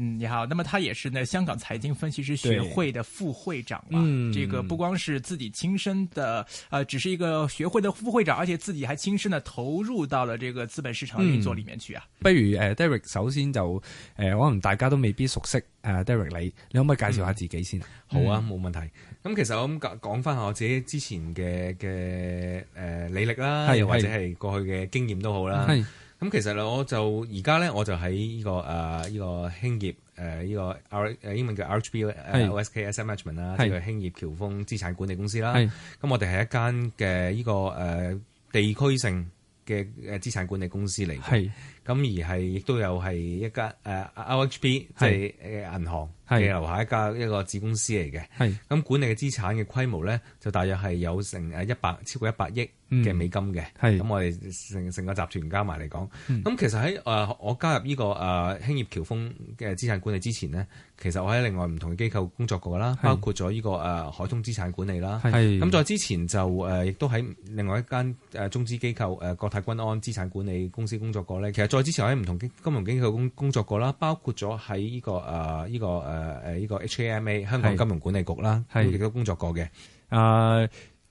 嗯，你好。那麼他也是呢香港財經分析師學會的副會長嘛。嗯，這個不光是自己親身的，呃，只是一個學會的副會長，而且自己還親身的投入到了這個資本市場運作裏面去啊。不、嗯、如誒、呃、，Derek 首先就誒，可、呃、能大家都未必熟悉誒、呃、，Derek 你，你可唔可以介紹下自己先？嗯、好啊，冇問題。咁、嗯、其實我咁講翻下我自己之前嘅嘅誒履歷啦，或者係過去嘅經驗都好啦。咁其實我就而家咧，我就喺呢、這個誒依、呃這個興業誒依個 R 誒英文叫 RHB 的、uh, OSK Asset Management 啦的，依個興業僑豐資產管理公司啦。咁的我哋係一間嘅呢個誒、呃、地區性嘅誒資產管理公司嚟。咁而係亦都有係一間誒 LHB 即係是誒銀行係旗是下一家一個子公司嚟嘅。係咁是管理嘅資產嘅規模咧，就大約係有成誒一百、超過一百億嘅美金嘅。係咁、嗯、我哋成成個集團加埋嚟講，咁、嗯、其實喺誒、uh, 我加入呢、這個誒、uh, 興業僑豐嘅資產管理之前咧，其實我喺另外唔同嘅機構工作過啦，包括咗呢、這個誒、uh, 海通資產管理啦。係咁、嗯嗯、再之前就誒亦、uh, 都喺另外一間誒中資機構誒、uh, 國泰君安資產管理公司工作過咧，其實。我之前喺唔同金融機構工工作過啦，包括咗喺呢個誒依、呃呢個誒誒依個、呃呢個呢個、HKMA 香港金融管理局啦，亦是都工作過嘅。誒、呃，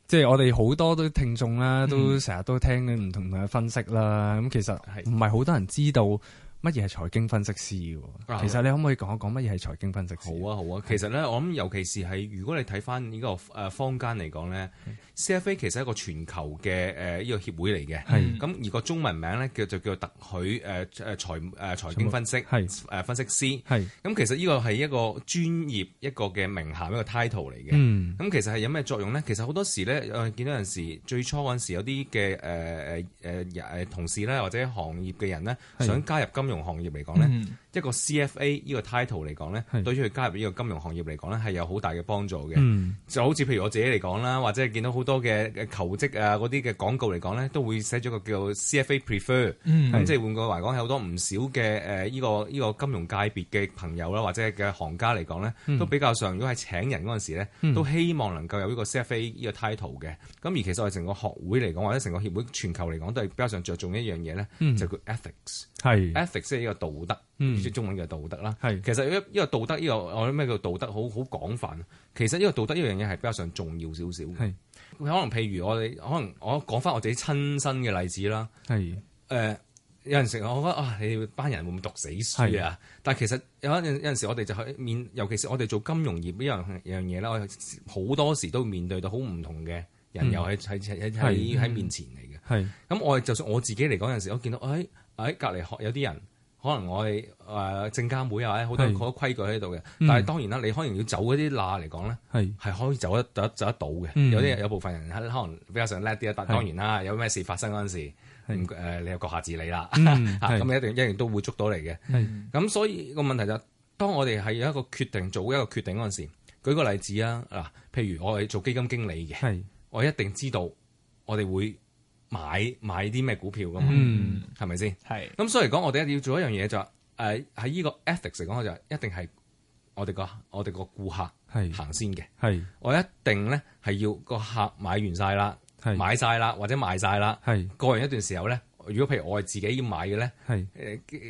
即係我哋好多都聽眾啦，嗯、都成日都聽唔同嘅分析啦。咁其實唔係好多人知道是。乜嘢係財經分析師？其實你可唔可以講一講乜嘢係財經分析師？好啊，好啊。其實咧，我諗尤其是係如果你睇翻呢個誒坊間嚟講咧，CFA 其實係一個全球嘅誒呢個協會嚟嘅。咁的而個中文名咧叫就叫特許誒誒財誒財經分析係誒分析師係。咁的、嗯、其實呢個係一個專業一個嘅名銜一個 title 嚟嘅。咁其實係有咩作用咧？其實好多時咧，誒見到陣時最初嗰陣時有啲嘅誒誒誒誒同事咧或者行業嘅人咧想加入金。金融行業嚟講咧。嗯一個 CFA 呢個 title 嚟講咧，是對於佢加入呢個金融行業嚟講咧，係有好大嘅幫助嘅。嗯、就好似譬如我自己嚟講啦，或者係見到好多嘅求職啊嗰啲嘅廣告嚟講咧，都會寫咗個叫 CFA preferred、嗯、即係換句話講，係好多唔少嘅誒呢個呢個金融界別嘅朋友啦，或者嘅行家嚟講咧，都比較上如果係請人嗰陣時咧，嗯、都希望能夠有呢個 CFA 呢個 title 嘅。咁而其實我哋成個學會嚟講，或者成個協會全球嚟講，都係比較上着重一樣嘢咧，就叫 ethics，ethics 係是一個道德。嗯，即中文嘅道德啦。係是，其實一因為道德呢、這個我諗咩叫道德，好好廣泛。其實呢個道德呢樣嘢係比較上重要少少。係是，可能譬如我哋可能我講翻我自己親身嘅例子啦。係是，誒、呃、有陣時我覺得啊、哎，你哋班人會唔會讀死書啊？是但係其實有陣有陣時我哋就去面，尤其是我哋做金融業呢樣樣嘢啦，我好多時都面對到好唔同嘅人，又喺喺喺喺面前嚟嘅。係是，咁、嗯、我哋就算我自己嚟講有陣時，我見到誒誒隔籬學有啲人。可能我哋誒證監會啊，好、呃、多好是多規矩喺度嘅。嗯、但係當然啦，你可能要走嗰啲罅嚟講咧，係係是可以走得得走得到嘅。嗯、有啲有部分人可能比較上叻啲啦，但係當然啦，是有咩事發生嗰陣時是、呃，你又閣下自理啦。嚇、嗯，咁一定一樣都會捉到你嘅。咁、 嗯是嗯、所以個問題就是，當我哋係有一個決定做一個決定嗰陣時，舉個例子啊，嗱，譬如我係做基金經理嘅是，我一定知道我哋會。買買啲咩股票噶嘛，係咪先？係，咁是所以嚟講，我哋一定要做一樣嘢就係、是，誒喺呢個 ethics 嚟講、就是，就係一定係我哋個我哋個顧客係行先嘅，係是我一定咧係要個客買完晒啦，是買晒啦或者賣晒啦，係是過完一段時候咧。如果譬如我係自己買嘅咧，係誒是、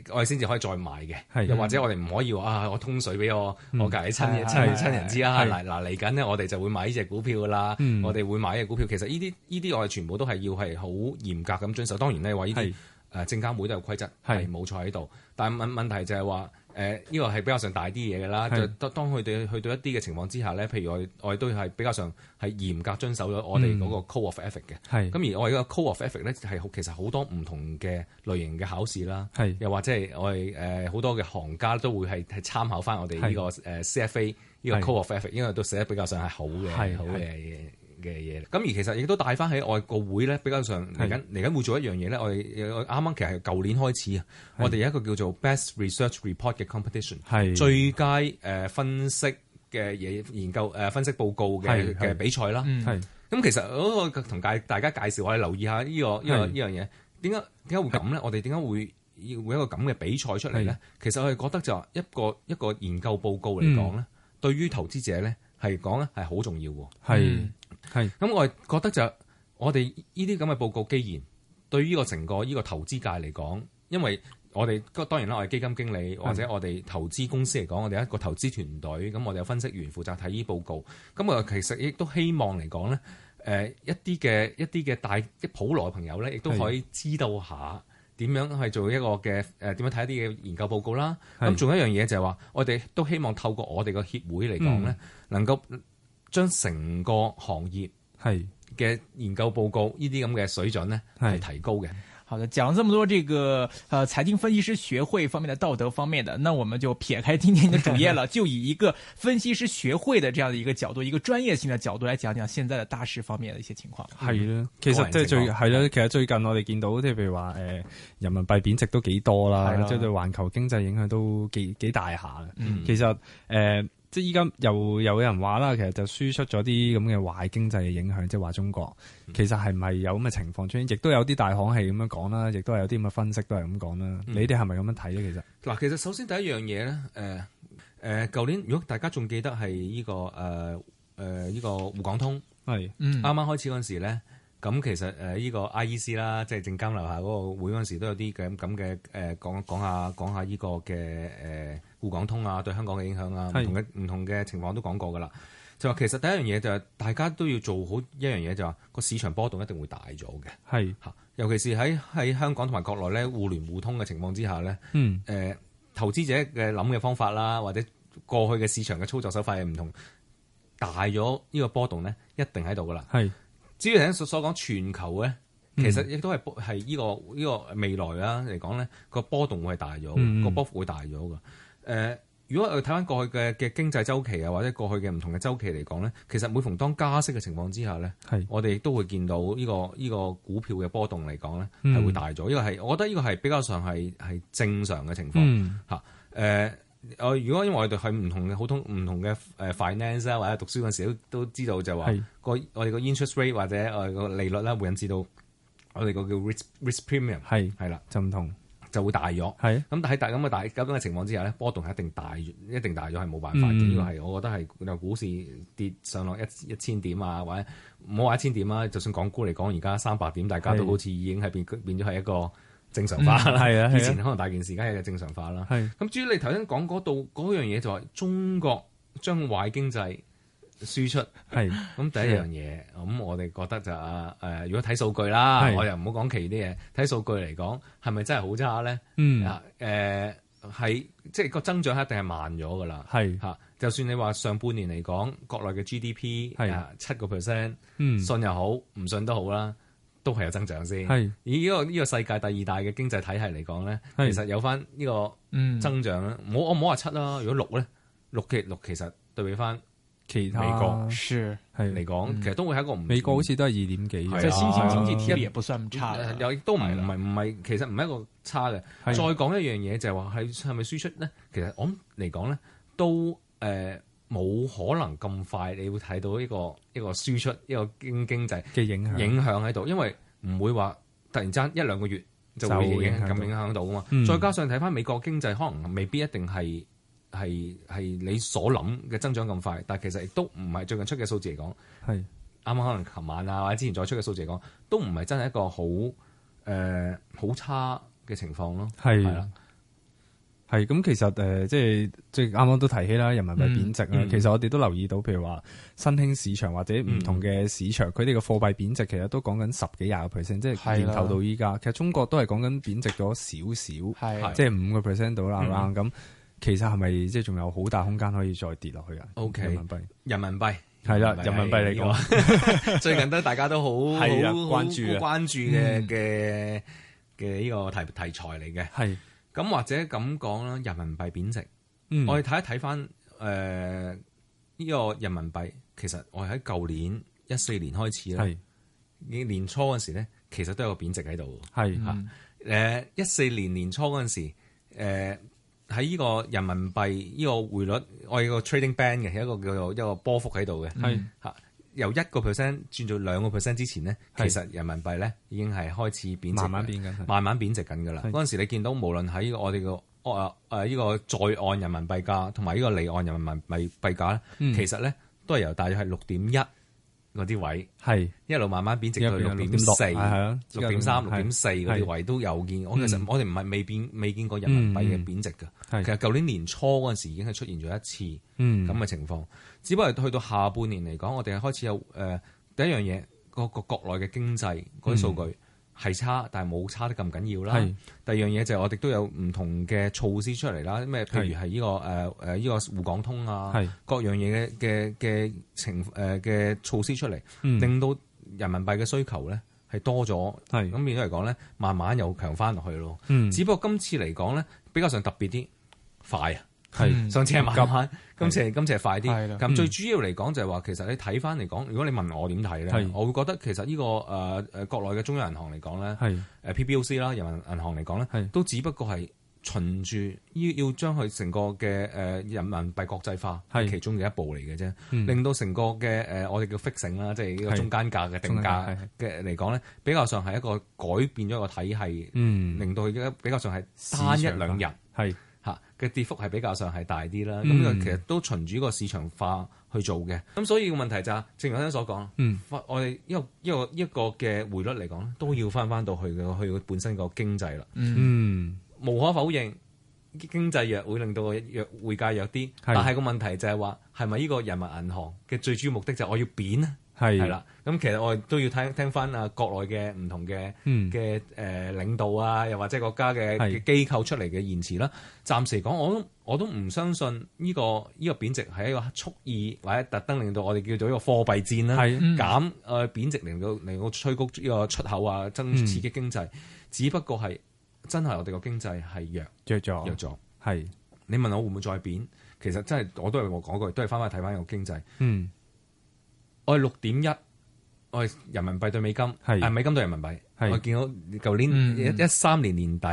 呃、我哋先至可以再買嘅，的又或者我哋唔可以話啊，我通水俾我，嗯、我隔籬親親的親人知啦。嗱嗱嚟緊咧，啊、我哋就會買呢隻股票啦，的我哋會買呢隻股票。其實呢啲呢啲我哋全部都係要係好嚴格咁遵守。當然咧話呢啲誒證監會都有規則係冇錯喺度，但問問題就係話。誒呢、呃這個係比較上大啲嘢嘅啦，是就當當佢哋去到一啲嘅情況之下咧，譬如我我哋都係比較上係嚴格遵守咗我哋嗰個 code of ethics 嘅。係、嗯，咁而我哋依個 code of ethics 咧係其實好多唔同嘅類型嘅考試啦。係是，又或者係我哋誒好多嘅行家都會係係參考翻我哋呢個誒 CFA，呢個 code of ethics 因為都寫得比較上係好嘅，好嘅嘢。嘅嘢啦，咁而其實亦都帶翻喺外國會咧，比較上嚟緊嚟緊會做一樣嘢咧。我哋啱啱其實係舊年開始啊，我哋有一個叫做 Best Research Report 嘅 competition，係最佳誒分析嘅嘢研究誒分析報告嘅嘅比賽啦。係咁，其實我我同介大家介紹，我哋留意下呢個呢個呢樣嘢點解點解會咁咧？我哋點解會要會一個咁嘅比賽出嚟咧？其實我哋覺得就話一個一個研究報告嚟講咧，對於投資者咧係講咧係好重要嘅。係。係，咁是我覺得就我哋呢啲咁嘅報告，既然對於呢個成個呢個投資界嚟講，因為我哋當然啦，我係基金經理或者我哋投資公司嚟講，我哋一個投資團隊，咁我哋有分析員負責睇呢啲報告，咁我其實亦都希望嚟講咧，誒、呃、一啲嘅一啲嘅大一普羅嘅朋友咧，亦都可以知道下點樣去做一個嘅誒點樣睇一啲嘅研究報告啦。咁仲是有一樣嘢就係、是、話，我哋都希望透過我哋個協會嚟講咧，嗯、能夠。將成個行業係嘅研究報告，呢啲咁嘅水準咧係提高嘅。好的，講咗咁多，這個，呢個誒財經分析師學會方面嘅道德方面嘅，那我們就撇開今天嘅主業了，就以一個分析師學會嘅這樣的一個角度，一個專業性嘅角度嚟講一講現在嘅大事方面嘅一些情況。係啦，啊，嗯、其實即係最係啦，啊，其實最近我哋見到即係譬如話誒、呃、人民幣貶值都幾多啦，即係，啊啊、對環球經濟影響都幾幾大下啦。嗯嗯、其實誒。呃即依家又有人話啦，其實就輸出咗啲咁嘅壞經濟嘅影響，即係話中國其實係咪有咁嘅情況出現，嗯？亦都有啲大行係咁樣講啦，亦都有啲咁嘅分析都係咁講啦。你哋係咪咁樣睇咧？其實嗱、嗯，其實首先第一樣嘢咧，誒、呃、誒，舊、呃、年如果大家仲記得係呢、呢個誒誒依個滬港通係，啱啱是、嗯、開始嗰陣時咧。咁其實誒呢個 I.E.C 啦，即係證監樓下嗰個會嗰陣時都有啲咁咁嘅誒講下講下、呃、講下呢個嘅誒滬港通啊，對香港嘅影響啊，唔是同嘅唔同嘅情況都講過噶啦。就話其實第一樣嘢就係、是、大家都要做好一樣嘢、就是，就話個市場波動一定會大咗嘅。係嚇是，尤其是喺喺香港同埋國內咧，互聯互通嘅情況之下咧，嗯、呃、投資者嘅諗嘅方法啦，或者過去嘅市場嘅操作手法係唔同，大咗呢個波動咧，一定喺度噶啦。係是。至於你所所講全球咧，其實亦都係係呢個、呢個未來啦嚟講咧，個波動會係大咗，個、嗯、波幅會大咗嘅。誒、呃，如果睇返過去嘅嘅經濟周期啊，或者過去嘅唔同嘅周期嚟講咧，其實每逢當加息嘅情況之下咧，係是我哋都會見到呢個、呢個股票嘅波動嚟講咧係會大咗。呢個係我覺得呢個係比較上係係正常嘅情況嚇誒。嗯啊呃我如果因為我哋係唔同嘅好通唔同嘅誒 finance 啦，或者讀書嗰陣時都知道就話是個我哋個 interest rate 或者我哋個利率咧會引致到我哋個叫 risk risk premium 係係啦，了就唔同就會大咗係。咁是但係喺咁嘅大咁嘅情況之下咧，波動係一定大，一定大咗係冇辦法嘅。呢個係我覺得係股市跌上落一一千點啊，或者唔好話一千點啊，就算港股嚟講而家三百點，大家都好似已經係變是變咗係一個。正常化啦，以前可能大件事，梗係正常化啦。咁至於你頭先講嗰度嗰樣嘢，就係中國將壞經濟輸出。係咁第一樣嘢，咁我哋覺得就啊、是、誒、呃，如果睇數據啦，的我又唔好講其他啲嘢，睇數據嚟講，係咪真係好差咧？嗯啊誒，係、呃、即係個增長一定係慢咗噶啦。係嚇的，就算你話上半年嚟講，國內嘅 GDP 係啊七個 percent，信又好，唔信都好啦。都係有增長先。係，以呢個呢個世界第二大嘅經濟體系嚟講咧，其實有翻呢個增長咧。我我冇話七啦，如果六咧，六嘅六其實對比翻其他美國係嚟講，其實都會係一個唔。美國好似都係二點幾，即係先至經濟體都唔算差。又亦都唔唔唔係，其實唔係一個差嘅。再講一樣嘢就係話係係咪輸出咧？其實我嚟講咧都誒。冇可能咁快，你會睇到呢個一個輸出一個經經濟嘅影響影響喺度，因為唔會話突然間一兩個月就會影響咁影響到啊嘛。嗯、再加上睇翻美國經濟，可能未必一定係係係你所諗嘅增長咁快，但係其實亦都唔係最近出嘅數字嚟講，係啱啱可能琴晚啊或者之前再出嘅數字嚟講，都唔係真係一個好誒好差嘅情況咯，係啦是。係咁，其實誒，即係即係啱啱都提起啦，人民幣貶值啊。其實我哋都留意到，譬如話新興市場或者唔同嘅市場，佢哋嘅貨幣貶值，其實都講緊十幾廿個 percent，即係年頭到依家。其實中國都係講緊貶值咗少少，即係五個 percent 到啦啦。咁其實係咪即係仲有好大空間可以再跌落去啊？OK，人民幣，人民幣係啦，人民幣嚟講，最近都大家都好關注嘅嘅嘅呢個題題材嚟嘅。係。咁或者咁講啦，人民幣貶值，嗯、我哋睇一睇返誒呢個人民幣，其實我喺舊年一四年開始咧，年是年初嗰時咧，其實都有個貶值喺度，係嚇誒一四年年初嗰陣時，喺、呃、呢個人民幣呢個匯率，我、呃、有個 trading band 嘅，一個叫做一個波幅喺度嘅，係嚇是。嗯呃由一個 percent 轉做兩個 percent 之前咧，其實人民幣咧已經係開始貶值，慢慢貶緊，慢慢貶值緊㗎啦。嗰陣時你見到無論喺我哋個誒誒呢個在岸人民幣價同埋呢個離岸人民幣幣價咧，其實咧都係由大約係六點一嗰啲位，係一路慢慢貶值到六點四、六點三、六點四嗰啲位都有見。我其實我哋唔係未變未見過人民幣嘅貶值㗎。其實舊年年初嗰陣時已經係出現咗一次咁嘅情況。只不過去到下半年嚟講，我哋係開始有誒、呃、第一樣嘢，個個國內嘅經濟嗰啲數據係、嗯、差，但係冇差得咁緊要啦。是第二樣嘢就係我哋都有唔同嘅措施出嚟啦，咩譬如係呢、呢個誒誒呢個滬港通啊，是各樣嘢嘅嘅嘅情誒嘅措施出嚟，嗯、令到人民幣嘅需求咧係多咗，咁變咗嚟講咧，慢慢又強翻落去咯。嗯、只不過今次嚟講咧，比較上特別啲快啊！係上次係慢慢，今次係今次係快啲。咁最主要嚟講就係話，其實你睇翻嚟講，如果你問我點睇咧，我會覺得其實呢個誒誒，國內嘅中央銀行嚟講咧，誒 PBOC 啦，人民銀行嚟講咧，都只不過係循住要要將佢成個嘅誒人民幣國際化係其中嘅一步嚟嘅啫，令到成個嘅誒我哋叫 fixing 啦，即係呢個中間價嘅定價嘅嚟講咧，比較上係一個改變咗個體系，令到佢比較上係單一兩日。係。嘅跌幅係比較上係大啲啦，咁、嗯、其實都循住個市場化去做嘅，咁所以個問題就係、是，正如啱先所講，我哋、嗯、一個一個一個嘅匯率嚟講都要翻翻到去去本身個經濟啦。嗯，無可否認，經濟弱會令到弱匯價弱啲，的但係個問題就係話，係咪呢個人民銀行嘅最主要目的就係我要貶呢？係啦的。咁其實我哋都要聽聽翻啊，國內嘅唔同嘅嘅誒領導啊，又或者國家嘅機構出嚟嘅言辭啦。暫時講，我我都唔相信呢個呢個貶值係一個蓄意或者特登令到我哋叫做一個貨幣戰啦，嗯、減誒貶值令到令到催谷呢個出口啊，增刺激經濟。嗯、只不過係真係我哋個經濟係弱弱咗，弱咗。係。你問我會唔會再貶？其實真係我都係我講句，都係翻翻睇翻個經濟。嗯、我係六點一。人民幣對美金，係啊美金對人民幣，我見到舊年一三年年底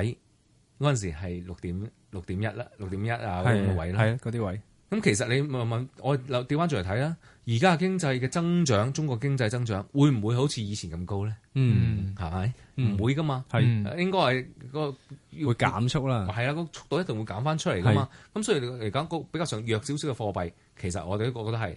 嗰陣時係六點六點一啦，六點一啊嗰位啦，嗰啲位。咁其實你問問我，掉翻轉嚟睇啦，而家經濟嘅增長，中國經濟增長會唔會好似以前咁高咧？嗯，係咪？唔會噶嘛，係應該係個會減速啦。係啊，個速度一定會減翻出嚟噶嘛。咁所以嚟講個比較上弱少少嘅貨幣，其實我哋都覺得係。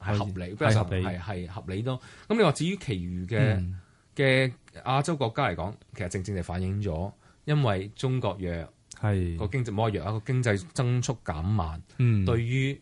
係合理，比較上係係合理囉。咁你話至於其餘嘅嘅亞洲國家嚟講，其實正正就反映咗，因為中國弱，係個是經濟摩弱，一個經濟增速減慢，嗯，對於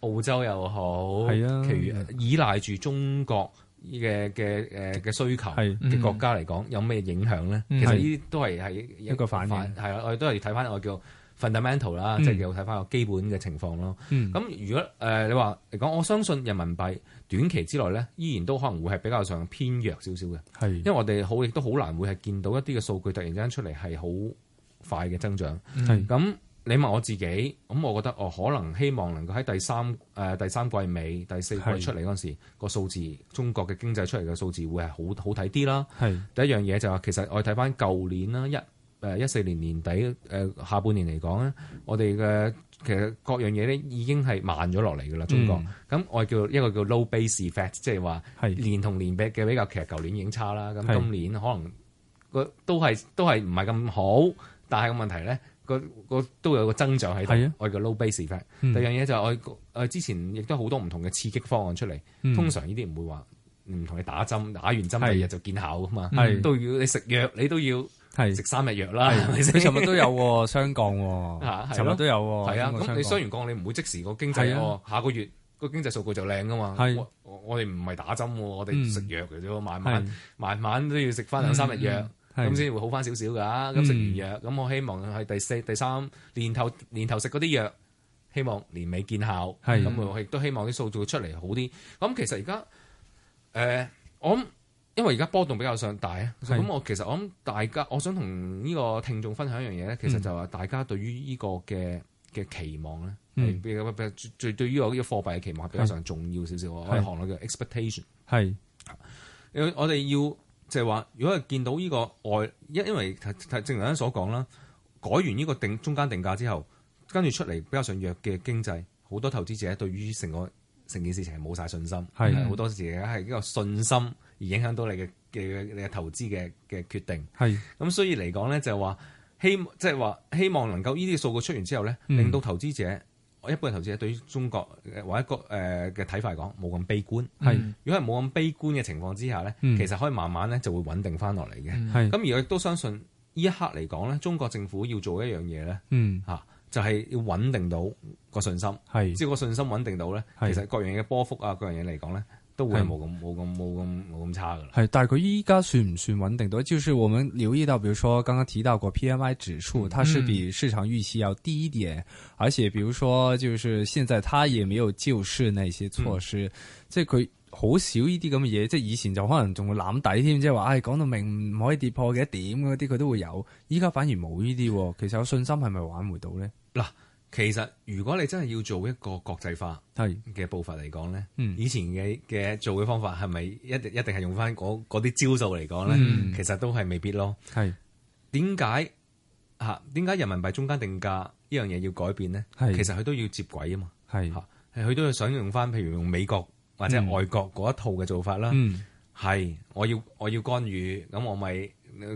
澳洲又好，係啊，其餘依賴住中國嘅嘅誒嘅需求嘅國家嚟講，是有咩影響咧？是嗯、其實呢啲都係係一個反映，係啊，我哋都係睇翻我哋叫。Fundamental 啦，即係又睇翻個基本嘅情況咯。咁、嗯、如果誒、呃、你話嚟講，我相信人民幣短期之內咧，依然都可能會係比較上偏弱少少嘅。係是因為我哋好亦都好難會係見到一啲嘅數據突然間出嚟係好快嘅增長。係咁是，你問我自己，咁我覺得我可能希望能夠喺第三誒、呃、第三季尾、第四季出嚟嗰陣時，個是數字中國嘅經濟出嚟嘅數字會係好好睇啲啦。係是第一樣嘢就係、是、其實我睇翻舊年啦一，誒一、呃、四年年底誒、呃、下半年嚟講咧，我哋嘅其實各樣嘢咧已經係慢咗落嚟㗎啦。中國，咁我叫一個叫 low base effect，即係話係年同年比嘅比較，其實舊年已經差啦。咁今年可能個都係都係唔係咁好，但係個問題咧，個個都有個增長喺度。啊，我叫 low base effect、嗯。第二樣嘢就係我我之前亦都好多唔同嘅刺激方案出嚟。嗯、通常呢啲唔會話唔同你打針，打完針第二日就見效㗎嘛、啊嗯。都要你食藥，你都要。係食三日藥啦，係咪先？尋日都有喎，雙降喎，係，尋日都有喎，係啊。咁你雖然降，你唔會即時個經濟喎，下個月個經濟數據就靚噶嘛。係我哋唔係打針，我哋食藥嘅啫，慢慢慢慢都要食翻兩三日藥，咁先會好翻少少噶。咁食完藥，咁我希望係第四第三年頭年頭食嗰啲藥，希望年尾見效。係咁，亦都希望啲數據出嚟好啲。咁其實而家，誒，我，因為而家波動比較上大啊，咁是我其實我諗大家，我想同呢個聽眾分享一樣嘢咧，嗯、其實就話大家對於呢個嘅嘅期望咧、嗯，比較比較對對於呢個貨幣嘅期望係比較上重要少少是我係行內叫 expectation 係。是我哋要即係話，如果係見到呢個外因，因為正如啱所講啦，改完呢個定中間定價之後，跟住出嚟比較上弱嘅經濟，好多投資者咧對於成個成件事情係冇晒信心，係好是多時咧係比較信心。而影響到你嘅嘅嘅你投資嘅嘅決定，係咁所以嚟講咧就係話希即係話，希望能夠呢啲數據出完之後咧，令到投資者，一般嘅投資者對於中國或一個誒嘅睇法嚟講冇咁悲觀，係如果係冇咁悲觀嘅情況之下咧，其實可以慢慢咧就會穩定翻落嚟嘅，係咁而我亦都相信呢一刻嚟講咧，中國政府要做一樣嘢咧，嗯嚇就係要穩定到個信心，係只要個信心穩定到咧，其實各樣嘢嘅波幅啊，各樣嘢嚟講咧。都會冇咁冇咁冇咁冇咁差噶啦。係是，但係佢依家算唔算穩定到？就是我們留意到，比如說剛剛提到過 PMI 指數，嗯、它是比市場預期要低一點，嗯、而且，比如說，就是現在它也沒有救市那些措施，嗯、即係佢好少呢啲咁嘅嘢。即係以前就可能仲會攬底添，即係話，唉、哎，講到明唔可以跌破嘅一點嗰啲，佢都會有。依家反而冇呢啲，其實有信心係咪挽回到咧？嗱。其實如果你真係要做一個國際化嘅步伐嚟講咧，嗯、以前嘅嘅做嘅方法係咪一一定係用翻嗰啲招數嚟講咧？嗯、其實都係未必咯。係點解吓？點解人民幣中間定價呢樣嘢要改變咧？是其實佢都要接軌啊嘛。係是，佢都要想用翻，譬如用美國或者外國嗰一套嘅做法啦。係、嗯，我要我要干預，咁我咪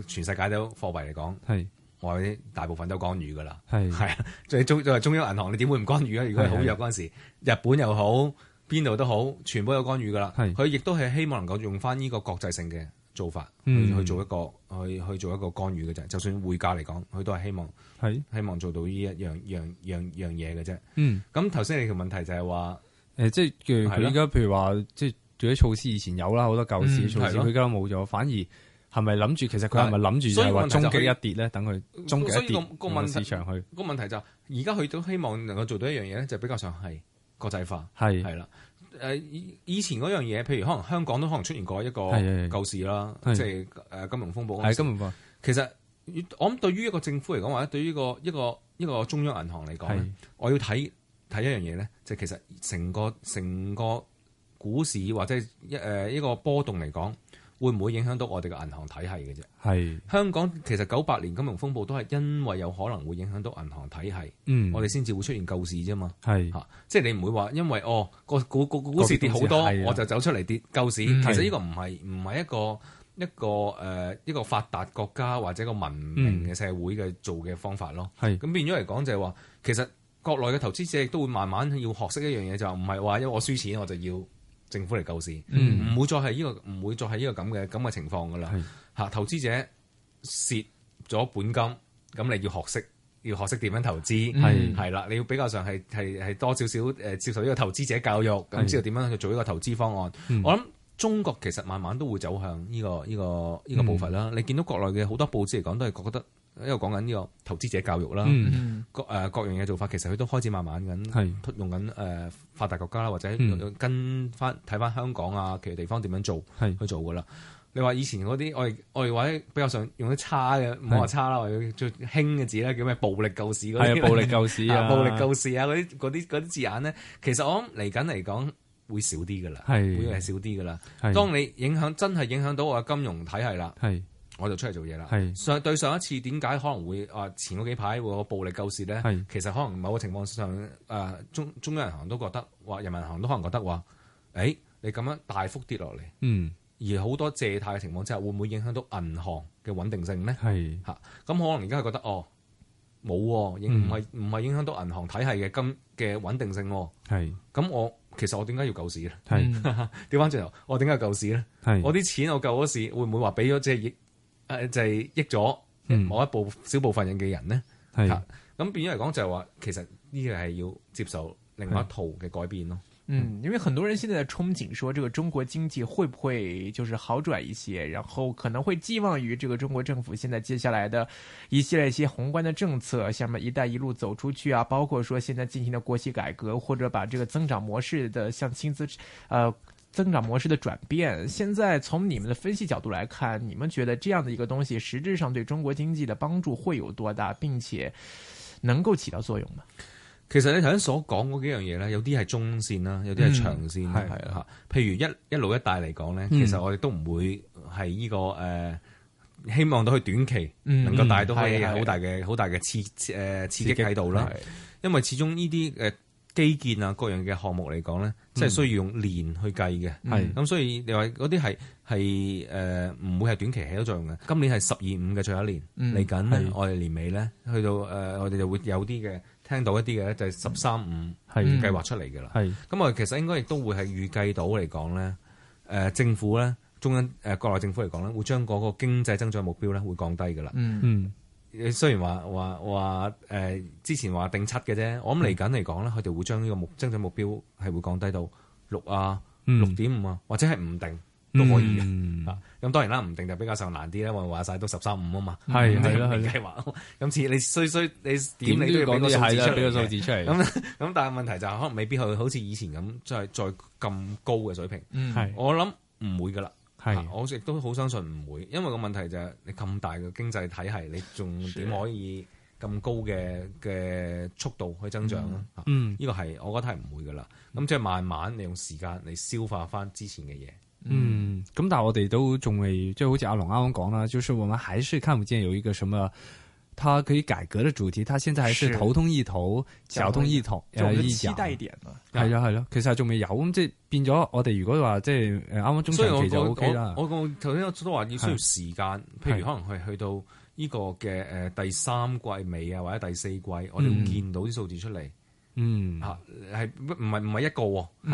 全世界都貨幣嚟講係。是我啲大部分都干預噶啦，係，係啊，最中就係中央銀行，你點會唔干預啊？如果係好弱嗰陣時，日本又好，邊度都好，全部都干預噶啦。佢亦都係希望能夠用翻呢個國際性嘅做法去做一個去去做一個干預嘅啫。就算匯價嚟講，佢都係希望係希望做到呢一樣樣樣樣嘢嘅啫。嗯，咁頭先你條問題就係話，誒，即係佢而家譬如話，即係做啲措施以前有啦，好多舊時措施，佢而家都冇咗，反而。係咪諗住？其實佢係咪諗住就係話終極一跌咧？等佢終極一跌，等個，個市場去個問題就而家佢都希望能夠做到一樣嘢咧，就是、比較上係國際化，係係啦。誒，以前嗰樣嘢，譬如可能香港都可能出現過一個舊事啦，是是是即係誒金融風暴。係金融風暴。其實我諗對於一個政府嚟講，或者對於個，一個一個，一個中央銀行嚟講是我要睇睇一樣嘢咧，就是、其實成個成個股市或者一誒一個波動嚟講。會唔會影響到我哋嘅銀行體系嘅啫？係是香港其實九八年金融風暴都係因為有可能會影響到銀行體系，嗯，我哋先至會出現救市啫嘛。係吓是、啊，即係你唔會話因為哦個股股市跌好多，我就走出嚟跌救市。嗯、其實呢個唔係唔係一個一個誒、呃、一個發達國家或者一個文明嘅社會嘅做嘅方法咯。係咁、嗯、變咗嚟講就係話，其實國內嘅投資者亦都會慢慢要學識一樣嘢，就唔係話因為我輸錢我就要。政府嚟救市，嗯，唔會再係呢個，唔會再係呢個咁嘅咁嘅情況噶啦。吓的，投資者蝕咗本金，咁你要學識，要學識點樣投資，係係啦，你要比較上係係係多少少誒，接受呢個投資者教育，咁知道點樣去做呢個投資方案。的我諗中國其實慢慢都會走向呢個呢個呢個步伐啦。嗯、你見到國內嘅好多報紙嚟講，都係覺得。因為講緊呢個投資者教育啦、嗯呃，各各樣嘢做法，其實佢都開始慢慢咁是用緊誒、呃、發達國家啦，或者、嗯、跟翻睇翻香港啊，其他地方點樣做是去做㗎啦。你話以前嗰啲我哋我哋話啲比較上用啲差嘅唔好話差啦，是或者最輕嘅字咧叫咩暴力救市嗰暴力救市啊，暴力救市啊嗰啲啲啲字眼咧，其實我諗嚟緊嚟講會少啲㗎啦，會係是少啲㗎啦。是當你影響真係影響到我嘅金融體系啦。是我就出嚟做嘢啦。係上對上一次點解可能會話前嗰幾排會有個暴力救市咧？係其實可能某個情況上誒，中中央銀行都覺得話，人民銀行都可能覺得話，誒，你咁樣大幅跌落嚟，嗯，而好多借貸嘅情況之下，會唔會影響到銀行嘅穩定性咧？係吓咁可能而家係覺得哦，冇影，唔係唔係影響到銀行體系嘅金嘅穩定性。係咁我其實我點解要救市咧？係調翻轉頭，我點解要救市咧？係我啲錢我救咗市會唔會話俾咗即誒就係益咗某一部小部分人嘅人呢。係咁變咗嚟講就係話，其實呢個係要接受另外一套嘅改變咯。嗯，嗯，因為很多人現在憧憬，說這個中國經濟會不會就是好轉一些，然後可能會寄望於這個中國政府現在接下來的一系列一些宏觀嘅政策，下面「一帶一路」走出去啊，包括說現在進行的國企改革，或者把這個增長模式的向新資，啊、呃。增長模式的轉變，現在從你們的分析角度來看，你們覺得這樣的一個東西實質上對中國經濟的幫助會有多大，並且能夠起到作用嗎？其實你頭先所講嗰幾樣嘢呢，有啲係中線啦，有啲係長線係吓。嗯啊、譬如一一路一帶嚟講呢，其實我哋都唔會係呢、這個誒、呃，希望到去短期能夠帶到係好大嘅好大嘅刺誒刺激喺度啦，因為始終呢啲誒。文基建啊，各樣嘅項目嚟講咧，嗯、即係需要用年去計嘅。係咁、嗯，所以你話嗰啲係係誒，唔、呃、唔會係短期起到作用嘅。今年係十二五嘅最後一年嚟緊，嗯、我哋年尾咧，去到誒、呃，我哋就會有啲嘅聽到一啲嘅，就係十三五係計劃出嚟嘅啦。係咁啊，其實應該亦都會係預計到嚟講咧，誒、呃，政府咧，中央誒、呃，國內政府嚟講咧，會將嗰個經濟增長目標咧，會降低噶啦。嗯。你雖然話話話誒，之前話定七嘅啫，我諗嚟緊嚟講咧，佢哋會將呢個目增長目標係會降低到六啊，六點五啊，5, 或者係唔定都可以嘅。咁、嗯、當然啦，唔定就比較上難啲啦。我話晒都十三五啊嘛，係係啦，咁似你衰你衰你點你都要俾個數字出嚟。點都要講個數字出嚟。咁咁 但係問題就可能未必去好似以前咁，即、就、係、是、再咁高嘅水平。嗯、的我諗唔會噶啦。係，是我亦都好相信唔會，因為個問題就係、是、你咁大嘅經濟體系，你仲點可以咁高嘅嘅速度去增長咧？嗯，呢個係我覺得係唔會噶啦。咁即係慢慢利用時間嚟消化翻之前嘅嘢。嗯，咁但係我哋都仲未，即係好似阿龍啱啱講啦，就是我們還是看不見有一個什麼。它可以改革嘅主題，它現在係頭通意頭，交通一統，仲未有意待點啊！係啊，係咯，其實仲未有咁，即係變咗。我哋如果話即係誒啱啱中長期嘅 O K 啦。我講頭先都話要需要時間，譬如可能係去到呢個嘅誒第三季尾啊，或者第四季，我哋會見到啲數字出嚟。嗯，嚇係唔係唔係一個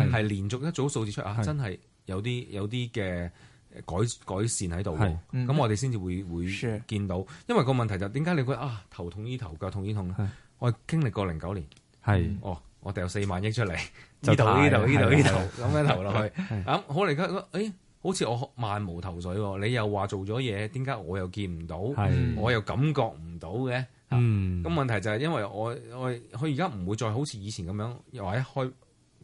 係係連續一組數字出嚟啊？真係有啲有啲嘅。改改善喺度，咁我哋先至會會見到，因為個問題就點解你覺得啊頭痛醫頭，腳痛醫腳我經歷過零九年，係哦，我掉四萬億出嚟，呢度呢度呢度呢度咁樣投落去，咁好啦，而家誒，好似我漫無頭緒，你又話做咗嘢，點解我又見唔到，我又感覺唔到嘅？咁問題就係因為我我佢而家唔會再好似以前咁樣，又話一開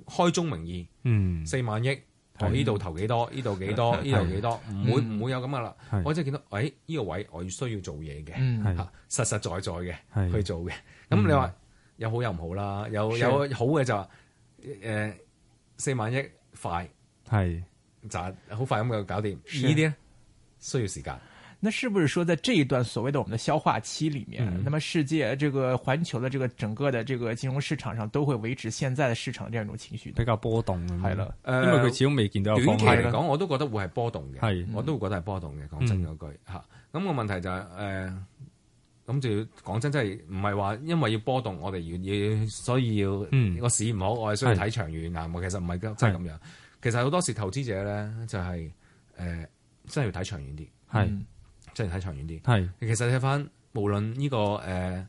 開宗明義，四萬億。我呢度投幾多？呢度幾多？呢度幾多？唔、嗯、會唔、嗯、會有咁噶啦！是我真係見到，誒、哎、呢、呢個位我需要做嘢嘅嚇，嗯、實實在在嘅是去做嘅。咁你話、嗯、有好有唔好啦？有有好嘅就誒四萬億快係，是就好快咁嘅搞掂。是呢啲咧需要時間。那是不是說在這一段所謂的我們的消化期裏面，那麼世界這個環球的這個整個的這個金融市場上都會維持現在的市場這樣一種情緒？比較波動咁，係啦，因為佢始終未見到短期嚟講，我都覺得會係波動嘅。我都會覺得係波動嘅。講真嗰句吓，咁個問題就係誒，咁就要講真真係唔係話因為要波動，我哋要所以要個市唔好，我係需要睇長遠啊。其實唔係真係咁樣，其實好多時投資者咧就係誒真係要睇長遠啲。係。雖然睇長遠啲，係是其實睇翻無論呢、這個誒、呃、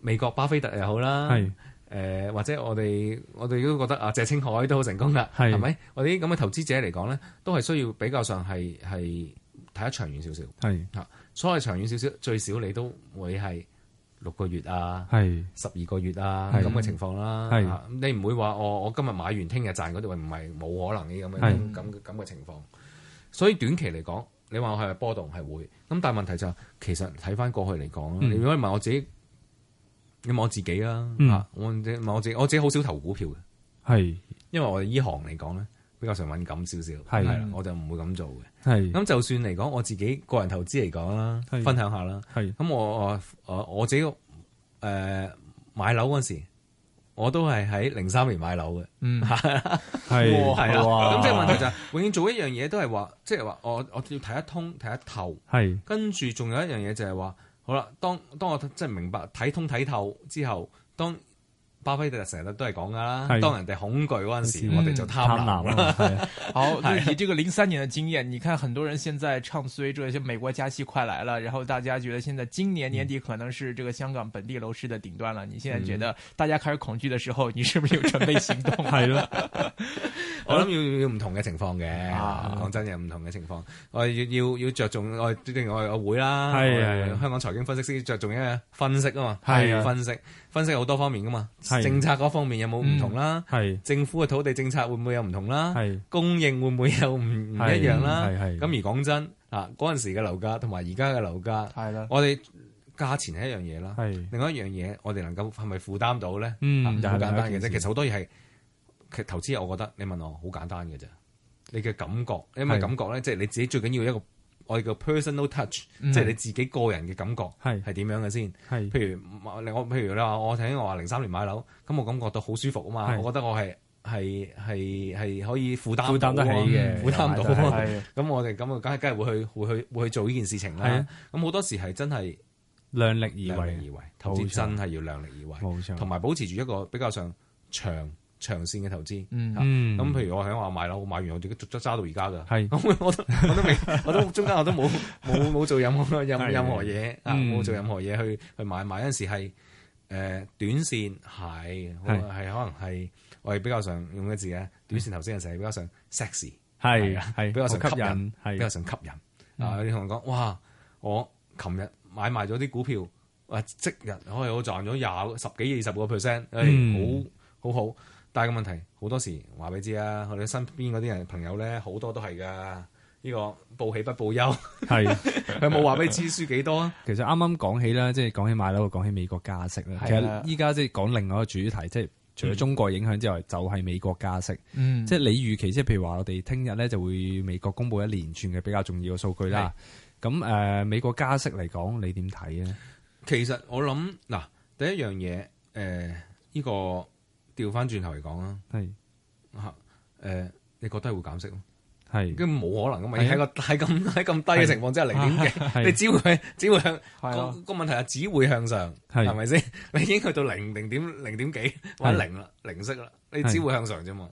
美國巴菲特又好啦，係誒是、呃、或者我哋我哋都覺得阿謝清海都好成功噶，係係咪？我哋啲咁嘅投資者嚟講咧，都係需要比較上係係睇得長遠少少，係嚇是所謂長遠少少，最少你都會係六個月啊，係十二個月啊咁嘅是情況啦，係是你唔會話我我今日買完聽日賺嗰啲，唔係冇可能啲咁樣咁咁嘅情況，是所以短期嚟講。你話係咪波動係會？咁但係問題就係，其實睇翻過去嚟講啦，嗯、你如果問我自己，你問我自己啦、啊，吓、嗯、我問我自己，我自己好少投股票嘅，係是，因為我哋依行嚟講咧，比較上敏感少少，係是，我就唔會咁做嘅，係是。咁就算嚟講我自己個人投資嚟講啦，是分享下啦，係。咁我我,我自己，誒、呃，買樓嗰時。我都係喺零三年買樓嘅、嗯，係係咁，即係問題就係、是、永遠做一樣嘢都係話，即係話我我要睇一通睇一透，係是，跟住仲有一樣嘢就係話，好啦，當當我即係明白睇通睇透之後，當。巴菲特成日都係講㗎啦，哎、當人哋恐懼嗰陣時，是我哋就貪婪啦。嗯、 好，以你 這個零三年嘅經驗， 你看很多人現在唱衰，就係美國加息快來了，然後大家覺得現在今年年底可能是這個香港本地樓市嘅頂端了。你現在覺得大家開始恐懼嘅時候，你是不是有準備行動？係啦。我諗要要唔同嘅情況嘅，講真有唔同嘅情況，我哋要要要着重，我哋即係我我會啦，係香港財經分析師着重嘅分析啊嘛，係分析分析好多方面噶嘛，政策嗰方面有冇唔同啦，係政府嘅土地政策會唔會有唔同啦，係供應會唔會有唔唔一樣啦，係係咁而講真啊，嗰陣時嘅樓價同埋而家嘅樓價，係啦，我哋價錢係一樣嘢啦，係另外一樣嘢，我哋能夠係咪負擔到咧，嗯，好簡單嘅啫，其實好多嘢係。其實投資，我覺得你問我好簡單嘅啫。你嘅感覺，因為感覺咧，即係你自己最緊要一個我哋叫 personal touch，即係你自己個人嘅感覺係係點樣嘅先？譬如譬如你話我聽我話零三年買樓，咁我感覺到好舒服啊嘛，我覺得我係係係係可以負擔得起嘅，負擔唔到係。咁我哋咁梗係梗係會去會去會去做呢件事情啦。咁好多時係真係量力而為，而為。投資真係要量力而為，同埋保持住一個比較上長。長線嘅投資，咁譬如我喺我買樓，買完我自己揸到而家噶，咁我都我都明，我都中間我都冇冇冇做任何任任何嘢，冇做任何嘢去去買買嗰陣時係，誒短線係係可能係我係比較常用嘅字嘅，短線投資嘅時係比較上 sexy 係比較上吸引比較上吸引，你同我講哇，我琴日買賣咗啲股票，哇即日可以我賺咗廿十幾二十個 percent，誒好好好。大嘅問題好多時話俾你知啊，我哋身邊嗰啲人朋友咧，好多都係噶呢個報喜不報憂，係佢冇話俾你知輸幾多啊。其實啱啱講起啦，即係講起買樓，講起美國加息咧。的其實依家即係講另外一個主題，即係除咗中國影響之外，就係、是、美國加息。嗯、即係你預期，即係譬如話我哋聽日咧就會美國公布一連串嘅比較重要嘅數據啦。咁誒的、呃，美國加息嚟講，你點睇咧？其實我諗嗱，第一樣嘢誒，呢、呃這個。調翻轉頭嚟講啦，係啊，誒，你覺得係會減息咯？係，咁冇可能噶嘛？你喺個喺咁喺咁低嘅情況之下零點幾，你只會只會向個個問題係只會向上，係咪先？你已經去到零零點零點幾，或者零啦零息啦，你只會向上啫嘛。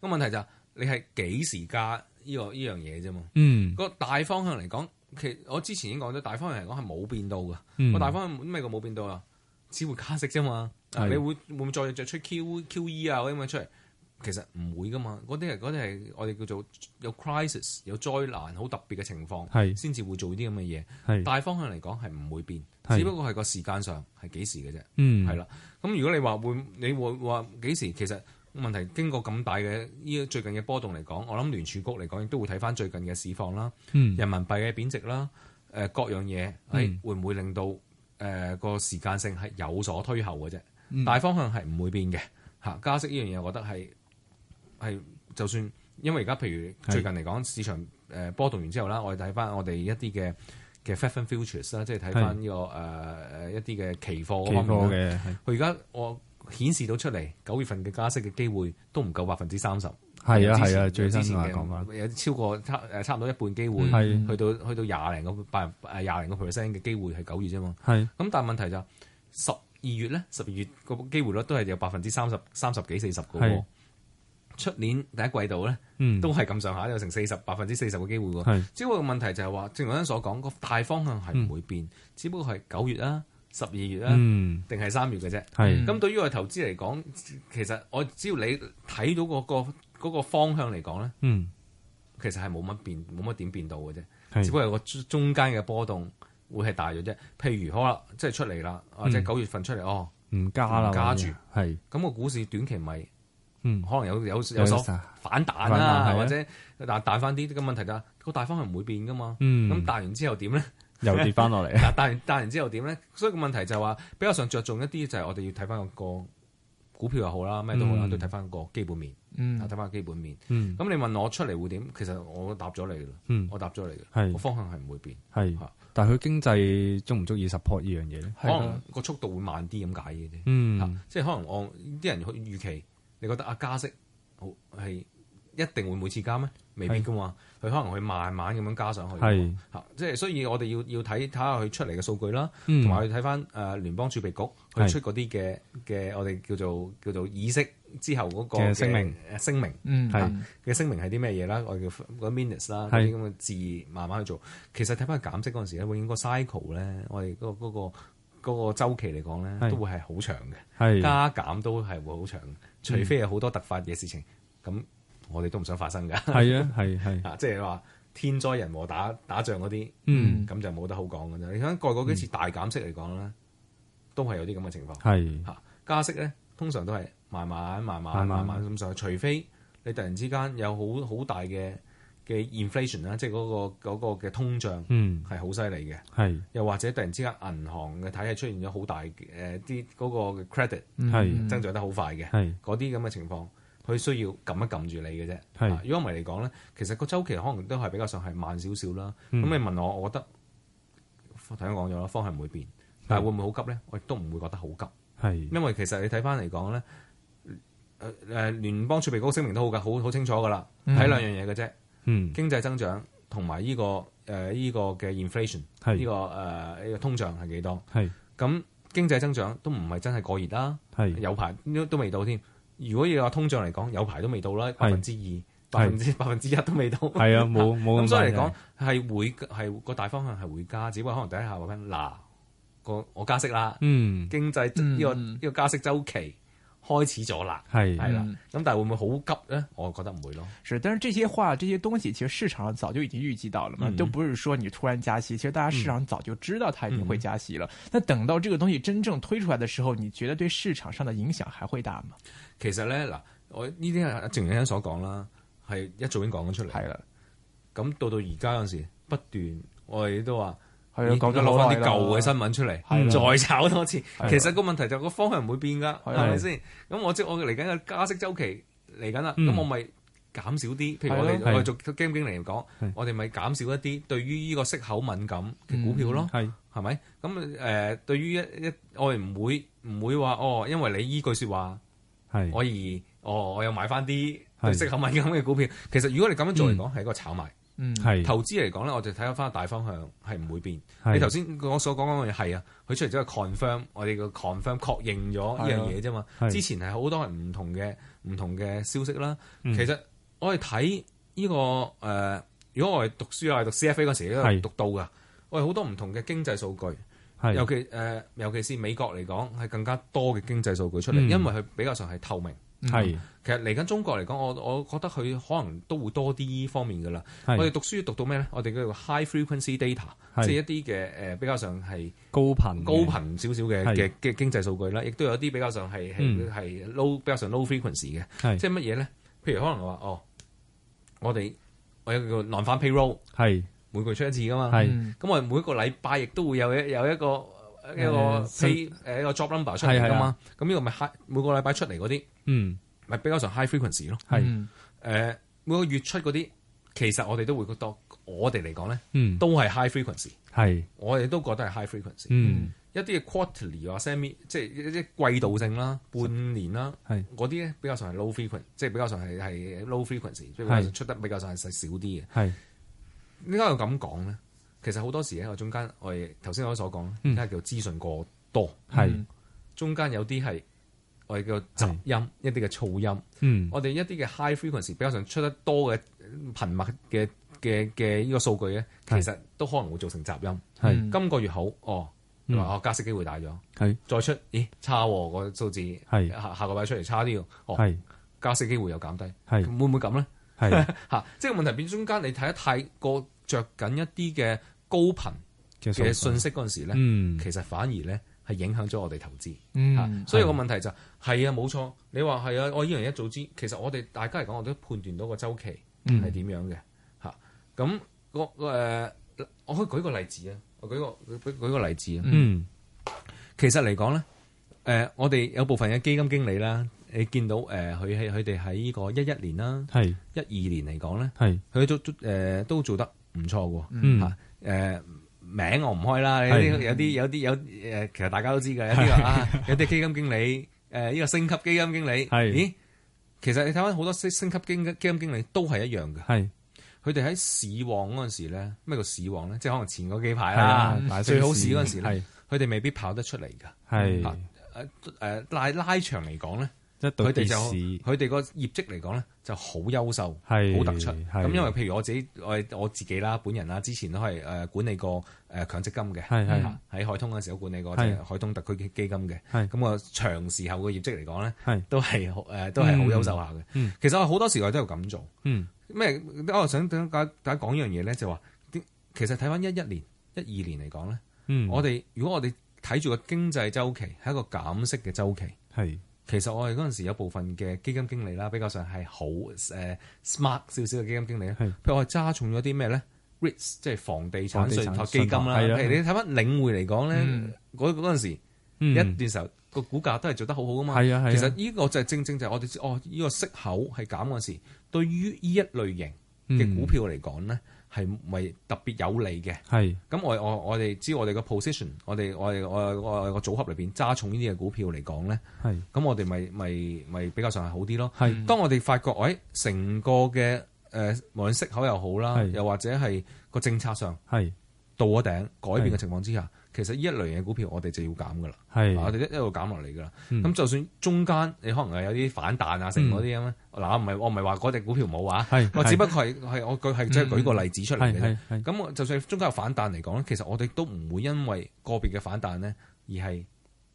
個問題就係你係幾時加呢個呢樣嘢啫嘛。嗯，個大方向嚟講，其實我之前已經講咗，大方向嚟講係冇變到噶。個大方向咩叫冇變到啊？只會加息啫嘛。你會會唔會再着出 Q Q E 啊嗰啲咁嘅出嚟？其實唔會噶嘛，嗰啲係嗰啲係我哋叫做有 crisis 有災難好特別嘅情況，係先至會做啲咁嘅嘢。係的大方向嚟講係唔會變，的只不過係個時間上係幾時嘅啫。嗯，係啦。咁如果你話會你話話幾時，其實問題經過咁大嘅呢最近嘅波動嚟講，我諗聯儲局嚟講亦都會睇返最近嘅市況啦，嗯、人民幣嘅貶值啦，誒、呃、各樣嘢，誒、欸、會唔會令到誒個時間性係有所推後嘅啫？大方向係唔會變嘅吓，加息呢樣嘢，我覺得係係就算，因為而家譬如最近嚟講，是的 市場誒波動完之後啦，我哋睇翻我哋一啲嘅嘅 fashion futures 啦，是的 即係睇翻呢個誒誒是的、呃、一啲嘅期貨嘅，佢而家我顯示到出嚟九月份嘅加息嘅機會都唔夠百分之三前十，係啊係啊，最之前嘅講法有超過差誒差唔多一半機會，是的 去到去到廿零個百廿零個 percent 嘅機會係九月啫嘛，係咁但係問題就十二月咧，十二月個機會率都係有百分之三十、三十幾、四十嘅喎。出是年第一季度咧，嗯、都係咁上下，有成四十百分之四十嘅機會喎。是只不過問題就係話，正如我啱所講，個大方向係唔會變，只不過係九月啦、十二月啦，定係三月嘅啫。咁對於我投資嚟講，其實我只要你睇到嗰個方向嚟講咧，其實係冇乜變，冇乜點變到嘅啫。只不過係個中間嘅波動。會係大咗啫，譬如可能即係出嚟啦，或者九月份出嚟哦，唔加啦，加住係，咁個股市短期咪，可能有有有所反彈啦，或者大大翻啲，個問題噶個大方向唔會變噶嘛，咁大完之後點咧？又跌翻落嚟，嗱大完之後點咧？所以個問題就係話比較上着重一啲就係我哋要睇翻個股票又好啦，咩都好啦，都睇翻個基本面，睇翻個基本面，咁你問我出嚟會點？其實我答咗你噶啦，我答咗你噶，係個方向係唔會變，係但佢經濟足唔足以 support 呢樣嘢咧？可能個速度會慢啲咁解嘅啫。嗯，即係可能我啲人去預期，你覺得啊加息好係一定會每次加咩？未必噶嘛，佢是可能佢慢慢咁樣加上去。係是，嚇，即係所以我哋要要睇睇下佢出嚟嘅數據啦，同埋去睇翻誒聯邦儲備局佢出嗰啲嘅嘅我哋叫做叫做意識。之後嗰個聲明，聲明，係嘅聲明係啲咩嘢啦？我叫嗰 minus 啦，啲咁嘅字慢慢去做。其實睇翻減息嗰陣時咧，會見個 cycle 咧，我哋嗰嗰個周期嚟講咧，都會係好長嘅，加減都係會好長。除非有好多突發嘅事情，咁我哋都唔想發生㗎。係啊，係係啊，即係話天災人禍打打仗嗰啲，嗯，咁就冇得好講㗎啫。你睇過嗰幾次大減息嚟講咧，都係有啲咁嘅情況。係嚇加息咧。通常都係慢慢、慢慢、慢慢、慢慢咁上，除非你突然之間有好好大嘅嘅 inflation 啦，嗰個，即係嗰個嘅通脹係好犀利嘅，嗯、又或者突然之間銀行嘅體系出現咗好大誒啲嗰個 credit 係、嗯、增長得好快嘅，嗰啲咁嘅情況，佢需要撳一撳住你嘅啫。嗯、如果唔係嚟講咧，其實個周期可能都係比較上係慢少少啦。咁、嗯、你問我，我覺得頭先講咗啦，方向唔會變，但係會唔會好急咧？我亦都唔會覺得好急。係，因為其實你睇翻嚟講咧，誒誒，聯邦儲備局聲明都好嘅，好好清楚噶啦，睇兩樣嘢嘅啫。嗯，經濟增長同埋呢個誒呢、呃這個嘅 inflation，呢是、這個誒呢、呃這個通脹係幾多？係是，咁經濟增長都唔係真係過熱啦。係是，有排都未到添。如果要話通脹嚟講，有排都未到啦，百分之二、百分之百分之一都未到。係啊，冇冇咁。所以嚟講係會係個大方向係會加，只不過可能第一下話緊嗱。我我加息啦，嗯、經濟呢、這個呢、這個加息週期開始咗啦，係係啦，咁、嗯、但係會唔會好急咧？我覺得唔會咯。但是這些話、這些東西，其實市場早就已經預計到了嘛，嗯、都不是說你突然加息，其實大家市場早就知道它已經會加息了。那、嗯、等到這個東西真正推出來嘅時候，你覺得對市場上嘅影響還會大嗎？其實咧嗱，我呢啲阿鄭永欣所講啦，係一早已經講咗出嚟，係啦的。咁到到而家嗰陣時不斷，我哋都話。係啊，而家攞翻啲舊嘅新聞出嚟，再炒多次。其實個問題就個方向唔會變㗎，係咪先？咁我即我嚟緊嘅加息周期嚟緊啦，咁我咪減少啲。譬如我哋我哋做基金經理嚟講，我哋咪減少一啲對於呢個息口敏感嘅股票咯，係咪？咁誒，對於一一我哋唔會唔會話哦，因為你依句説話係，我而哦我又買翻啲對息口敏感嘅股票。其實如果你咁樣做嚟講，係一個炒賣。嗯，係投資嚟講咧，我哋睇翻翻大方向係唔會變。是你頭先我所講講嘅嘢係啊，佢出嚟之後 confirm，我哋個 confirm 確認咗呢樣嘢啫嘛。的之前係好多係唔同嘅唔同嘅消息啦。的其實我哋睇呢個誒、呃，如果我哋讀書啊，我讀 CFA 嗰時咧、這個、讀到噶。的我哋好多唔同嘅經濟數據，的尤其誒、呃，尤其是美國嚟講係更加多嘅經濟數據出嚟，嗯、因為佢比較上係透明。係、嗯，其實嚟緊中國嚟講，我我覺得佢可能都會多啲方面噶啦是。我哋讀書要讀到咩咧？我哋叫做 high frequency data，是即係一啲嘅誒比較上係高頻高頻少少嘅嘅嘅經濟數據啦。亦都有一啲比較上係係 low 比較上 low frequency 嘅，是即係乜嘢咧？譬如可能話哦，我哋我有個 non-farm payroll，係每個月出一次噶嘛。係咁、嗯嗯、我每一個禮拜亦都會有一有一個有一個誒一,一個 job number 出嚟噶嘛。咁呢、啊啊啊啊、個咪每個禮拜出嚟嗰啲。 嗯，咪比較上 high frequency 咯，係，誒，每個月出嗰啲，其實我哋都會覺得，我哋嚟講咧，都係 high frequency，係，我哋都覺得係 high frequency，嗯，一啲嘅 quarterly 或 semi，即係一啲季度性啦，半年啦，係，嗰啲咧比較上係 low frequency，即係比較上係係 low frequency，即係出得比較上係少啲嘅，係，點解要咁講咧？其實好多時喺中間，我哋頭先我所講咧，而家叫資訊過多，係，中間有啲係。我哋叫雜音，一啲嘅噪音。嗯，我哋一啲嘅 high frequency 比較上出得多嘅頻密嘅嘅嘅呢個數據咧，其實都可能會造成雜音。係今個月好哦，同埋哦加息機會大咗。係再出，咦差個數字係下個月出嚟差啲喎。係加息機會又減低。係會唔會咁咧？係嚇，即係問題變中間，你睇得太過着緊一啲嘅高頻嘅信息嗰陣時咧，其實反而咧係影響咗我哋投資。嗯，所以個問題就。係啊，冇錯。你話係啊，我依樣一早知。其實我哋大家嚟講，我都判斷到個周期係點樣嘅吓。咁個誒，我可以舉個例子啊。我舉個舉個例子啊。嗯，其實嚟講咧，誒、呃，我哋有部分嘅基金經理啦，你見到誒，佢喺佢哋喺呢個一一年啦，係一二年嚟講咧，係佢是 做誒、呃、都做得唔錯嘅。吓、嗯嗯呃，誒名我唔開啦。有啲有啲有啲誒，其實大家都知嘅。有啲有啲基金經理。誒呢、呃、個星級基金經理，係，是的 咦，其實你睇翻好多星星級嘅基金經理都係一樣嘅，係，佢哋喺市旺嗰陣時咧，咩叫市旺咧？即係可能前嗰幾排啦，的最好市嗰陣時佢哋是的 未必跑得出嚟㗎，係是的、呃，誒、呃、誒拉拉，拉長嚟講咧。佢哋就佢哋個業績嚟講咧，就好優秀，好突出。咁因為，譬如我自己我我自己啦，本人啦，之前都係誒管理過誒強積金嘅，係喺海通嘅時候管理過海通特區基金嘅。咁個長時候嘅業績嚟講咧，都係誒都係好優秀下嘅。其實我好多時我都有咁做。咩？我想大家講一樣嘢咧，就話其實睇翻一一年、一二年嚟講咧，我哋如果我哋睇住個經濟週期係一個減息嘅週期，係。其實我哋嗰陣時有部分嘅基金經理啦，比較上係好誒、呃、smart 少少嘅基金經理咧，譬是如我哋揸重咗啲咩咧，REITs，即係房地產信託基金啦。係、啊啊啊、你睇翻領匯嚟講咧，嗰嗰、嗯、時、嗯、一段時候個股價都係做得好好噶嘛。係啊係、啊、其實呢個就係正正就係我哋知哦，呢、呢個息口係減嗰時，對於呢一類型嘅股票嚟講咧。嗯係咪特別有利嘅？係是。咁我我我哋知我哋個 position，我哋我哋我我個組合裏邊揸重呢啲嘅股票嚟講咧，係是。咁我哋咪咪咪比較上係好啲咯。係是。當我哋發覺，誒、欸、成個嘅誒、呃、無論息口又好啦，是又或者係個政策上係是到咗頂改變嘅情況之下。其實呢一類型嘅股票，我哋就要減噶啦。係，我哋一一路減落嚟噶啦。咁就算中間你可能係有啲反彈啊，成嗰啲咁咧嗱，唔係我唔係話嗰隻股票冇啊。我只不過係係我佢係即係舉個例子出嚟嘅。咁就算中間有反彈嚟講咧，其實我哋都唔會因為個別嘅反彈咧，而係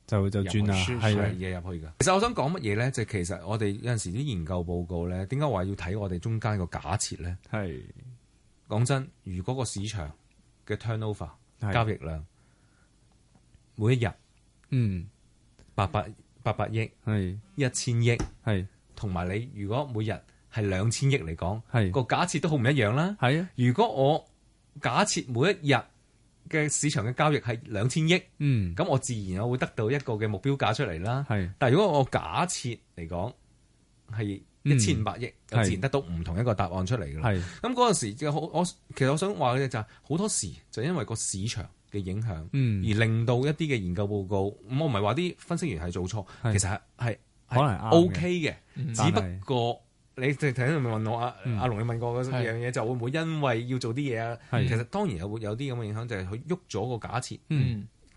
就就轉啦嘢入去噶。其實我想講乜嘢咧，就其實我哋有陣時啲研究報告咧，點解話要睇我哋中間個假設咧？係講真，如果個市場嘅 turnover 交易量每一日，嗯，八百八百億，係一千億，係同埋你如果每日係兩千億嚟講，係是個假設都好唔一樣啦。係啊，如果我假設每一日嘅市場嘅交易係兩千億，嗯，咁我自然我會得到一個嘅目標價出嚟啦。係是，但係如果我假設嚟講，係一千五百億，咁自然得到唔同一個答案出嚟㗎。係，係是，咁嗰陣時，時就好，我其實我想話嘅就係好多時，就因為個市場。嘅影響，而令到一啲嘅研究報告，我唔係話啲分析員係做錯，其實係係可能 OK 嘅，只不過你頭先問我阿阿龍，你問過嘅樣嘢就會唔會因為要做啲嘢啊？其實當然會有啲咁嘅影響，就係佢喐咗個假設，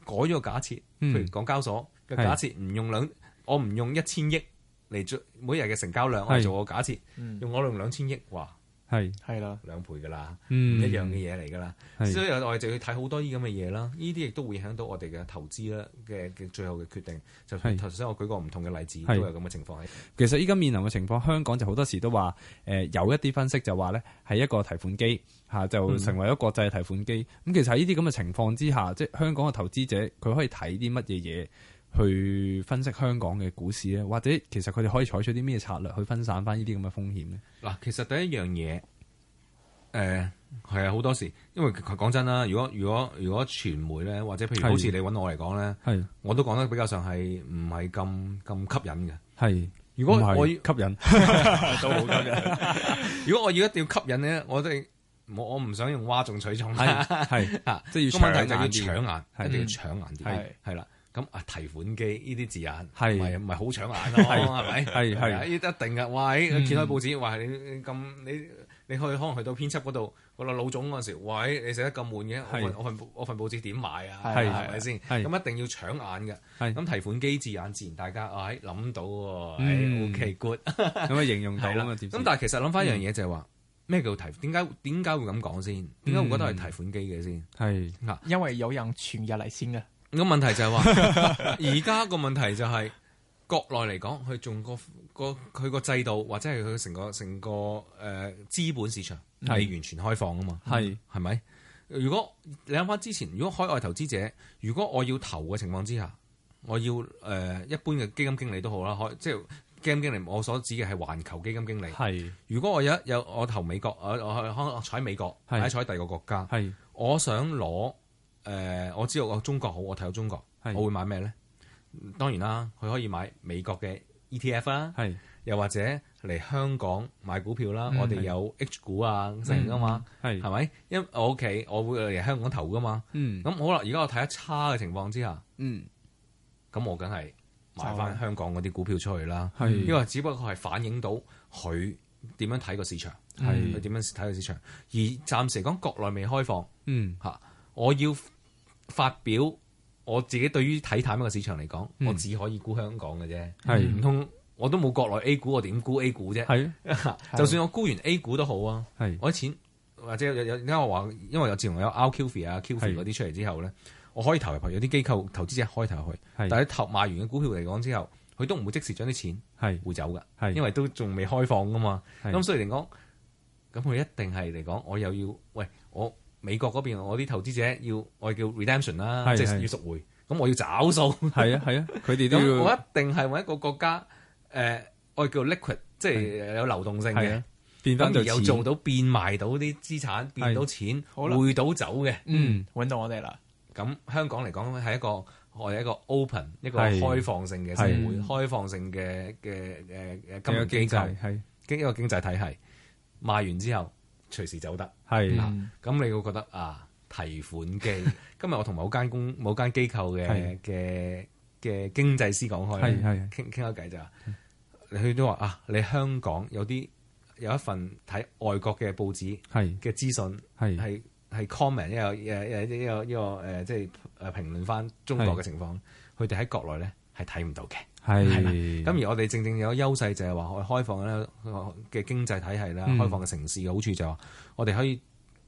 改咗個假設。譬如港交所嘅假設，唔用兩，我唔用一千億嚟做每日嘅成交量，我做個假設，用我用兩千億哇。係，係啦，的兩倍噶啦，唔、嗯、一樣嘅嘢嚟噶啦，的所以我哋就去睇好多啲咁嘅嘢啦。呢啲的亦都會影響到我哋嘅投資啦嘅嘅最後嘅決定。的就頭先我舉過唔同嘅例子，的都有咁嘅情況喺。其實依家面臨嘅情況，香港就好多時都話，誒、呃、有一啲分析就話咧，係一個提款機嚇，就成為咗國際提款機。咁、嗯、其實喺呢啲咁嘅情況之下，即係香港嘅投資者，佢可以睇啲乜嘢嘢？去分析香港嘅股市咧，或者其實佢哋可以採取啲咩策略去分散翻呢啲咁嘅風險咧？嗱，其實第一樣嘢，誒，係啊，好多時，因為講真啦，如果如果如果傳媒咧，或者譬如好似你揾我嚟講咧，係，我都講得比較上係唔係咁咁吸引嘅。係，如果唔係吸引都好吸引。如果我要一定要吸引咧，我哋我我唔想用嘩眾取寵。係，即係要搶眼一定要搶眼啲，係係啦。咁啊，提款機呢啲字眼，係唔係好搶眼咯？係咪？係係一定嘅。喂，你揭開報紙，話你咁你你可可能去到編輯嗰度，我老老總嗰陣時，話你你寫得咁滿嘅，我份我份我份報紙點買啊？係咪先？咁一定要搶眼嘅。咁提款機字眼，自然大家我諗到喎。係 OK good，咁樣形容到。咁但係其實諗翻一樣嘢就係話咩叫提款？點解點解會咁講先？點解會覺得係提款機嘅先？係嗱，因為有人存入嚟先嘅。個問題就係話，而家個問題就係、是、 國內嚟講，佢仲個個佢個制度或者係佢成個成個誒資、呃、本市場係完全開放噶嘛？係係咪？如果你諗翻之前，如果海外投資者，如果我要投嘅情況之下，我要誒、呃、一般嘅基金經理都好啦，即係基金經理，我所指嘅係環球基金經理。係是如果我有有我投美國，我我坐喺美國，或者喺第二個國家，係是是我想攞。誒，我知道我中國好，我睇到中國，我會買咩咧？當然啦，佢可以買美國嘅 ETF 啦，係，又或者嚟香港買股票啦。我哋有 H 股啊，成噶嘛，係係咪？因為我屋企我會嚟香港投噶嘛，嗯，咁好啦。而家我睇得差嘅情況之下，嗯，咁我梗係買翻香港嗰啲股票出去啦，係，因為只不過係反映到佢點樣睇個市場，係佢點樣睇個市場。而暫時嚟講，國內未開放，嗯，吓。我要發表我自己對於睇淡一個市場嚟講，嗯、我只可以沽香港嘅啫，係唔通我都冇國內 A 股，我點沽 A 股啫？係的， 就算我沽完 A 股都好啊。的我啲錢或者有有，因為話因為自有自從有 out QF 啊、QF 嗰啲出嚟之後咧，的我可以投入去，有啲機構投資者開投入去，的但係投買完嘅股票嚟講之後，佢都唔會即時將啲錢，係會走嘅，因為都仲未開放啊嘛。咁的的所以嚟講，咁佢一定係嚟講，我又要喂我。喂美國嗰邊，我啲投資者要我叫 redemption 啦，即係要贖回，咁我要找數。係啊係啊，佢哋都要。咁我一定係揾一個國家，誒，我叫 liquid，即係有流動性嘅，變翻對錢，咁而有做到變賣到啲資產，變到錢，匯到走嘅，揾到我哋啦。咁香港嚟講係一個我係一個 open，一個開放性嘅社會，開放性嘅嘅誒誒金融經濟，經一個經濟體系，賣完之後。隨時走得係咁的、嗯嗯、你會覺得啊，提款機。今日我同某間公某間機構嘅嘅嘅經濟師講開，傾傾下偈就話，佢都話啊，你香港有啲有一份睇外國嘅報紙嘅資訊係係係 comment 一個一個一個誒，即係誒評論翻中國嘅情況，佢哋喺國內咧係睇唔到嘅。係，咁而我哋正正有優勢就係話，我開放咧嘅經濟體系咧，開放嘅城市嘅好處就係我哋可以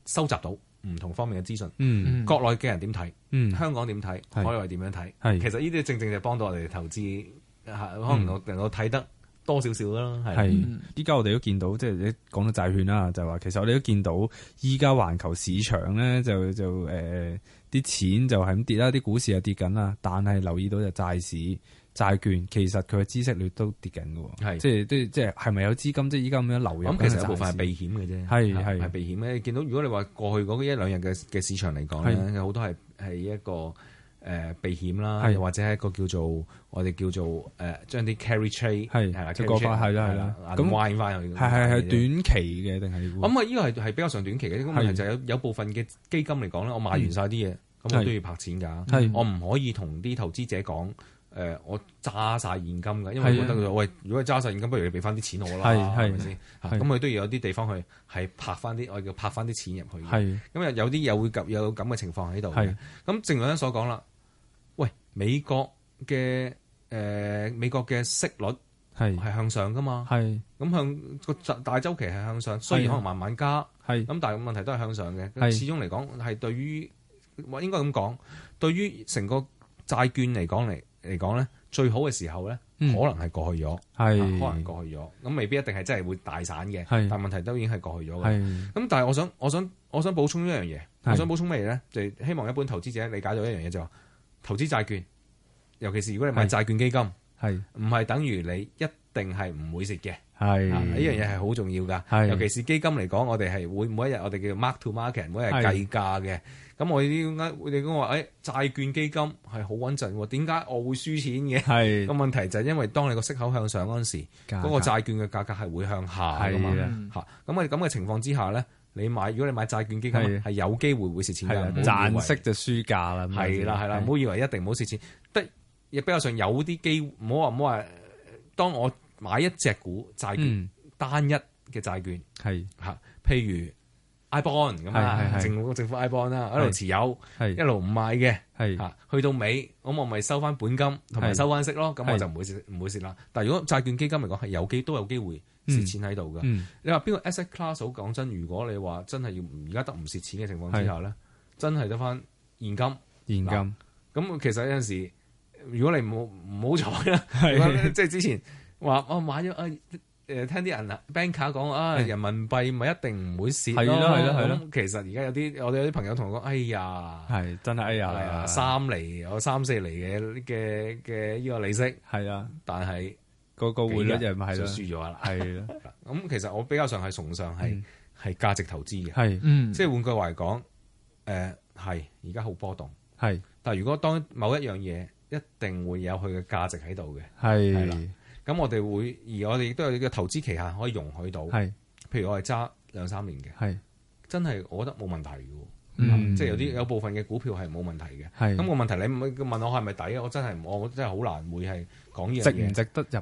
收集到唔同方面嘅資訊，嗯、國內嘅人點睇，嗯、香港點睇，嗯、海外點樣睇，係，其實呢啲正正就幫到我哋投資，可能我能夠睇得多少少咯。係，依家我哋都見到，即係講到債券啦，就話其實我哋都見到，依家環球市場咧就就誒啲、呃、錢就係咁跌啦，啲股市又跌緊啦，但係留意到就債市。債券其實佢嘅知識率都跌緊㗎，係即係即係係咪有資金？即係依家咁樣流入咁，其實有部分係避險嘅啫，係係係避險咧。見到如果你話過去嗰一兩日嘅嘅市場嚟講咧，有好多係係一個誒避險啦，或者係一個叫做我哋叫做誒將啲 carry trade 係係啦，過快係啦係啦，咁壞快係短期嘅定係？咁啊，依個係係比較上短期嘅，因為其實有有部分嘅基金嚟講咧，我買完晒啲嘢，咁我都要拍錢㗎，我唔可以同啲投資者講。誒，我揸晒現金㗎，因為我覺得，喂，如果你揸晒現金，不如你俾翻啲錢我啦，係咪先？咁佢都要有啲地方去係拍翻啲，我叫拍翻啲錢入去。咁有有啲又會有咁嘅情況喺度。咁正如啱先所講啦，喂，美國嘅誒美國嘅息率係向上噶嘛？咁向個大周期係向上，雖然可能慢慢加，咁但係問題都係向上嘅。始終嚟講係對於我應該咁講，對於成個債券嚟講嚟。嚟講咧，最好嘅時候咧，可能係過去咗，嗯、可能過去咗，咁未必一定係真係會大散嘅。是但問題都已經係過去咗嘅。咁是但係我想，我想，我想，我想補充一樣嘢。是我想補充咩嘢咧？就係希望一般投資者理解到一樣嘢就話投資債券，尤其是如果你買債券基金，係唔係等於你一定係唔會蝕嘅？係呢樣嘢係好重要㗎。是尤其是基金嚟講，我哋係會每一日我哋叫 mark to market，每日係計價嘅。是的咁我哋咁解，佢哋講話誒，債券基金係好穩陣，點解我會輸錢嘅？係個問題就係因為當你個息口向上嗰陣時，嗰個債券嘅價格係會向下噶嘛吓。咁我哋咁嘅情況之下咧，你買，如果你買債券基金係有機會會蝕錢嘅，賺息就輸價啦。係啦係啦，唔好以為一定唔好蝕錢，得亦比較上有啲機會，唔好話唔好話。當我買一隻股債券，單一嘅債券係吓，譬如。I bond 咁政府政府 I bond 啦，一路持有，一路唔賣嘅，嚇去到尾，咁我咪收翻本金同埋收翻息咯，咁我就唔會蝕唔會蝕啦。但係如果債券基金嚟講係有機都有機會蝕錢喺度㗎。你話邊個 asset class 好？講真，如果你話真係要而家得唔蝕錢嘅情況之下咧，真係得翻現金。現金，咁其實有陣時，如果你唔好唔好彩啦，即係之前話我買咗啊。誒聽啲人 banker 講啊，哎，人民幣咪一定唔會蝕咯。係咯係咯係咯。其實而家有啲我哋有啲朋友同我講，哎呀，係真係哎呀，三、哎、厘，有三四厘嘅嘅嘅呢個利息係啊，的但係是個個匯率又咪係咯，輸咗啦，係啦。咁其實我比較上係崇尚係係價值投資嘅，係即係換句話嚟講，誒係而家好波動，係的。但係如果當某一樣嘢一定會有佢嘅價值喺度嘅，係的。咁我哋會，而我哋亦都有呢個投資期限可以容許到。係，譬如我係揸兩三年嘅，係，真係我覺得冇問題嘅，嗯，即係有啲有部分嘅股票係冇問題嘅。係，咁個問題你問我係咪抵啊？我真係我真係好難會係講嘢。值唔值得入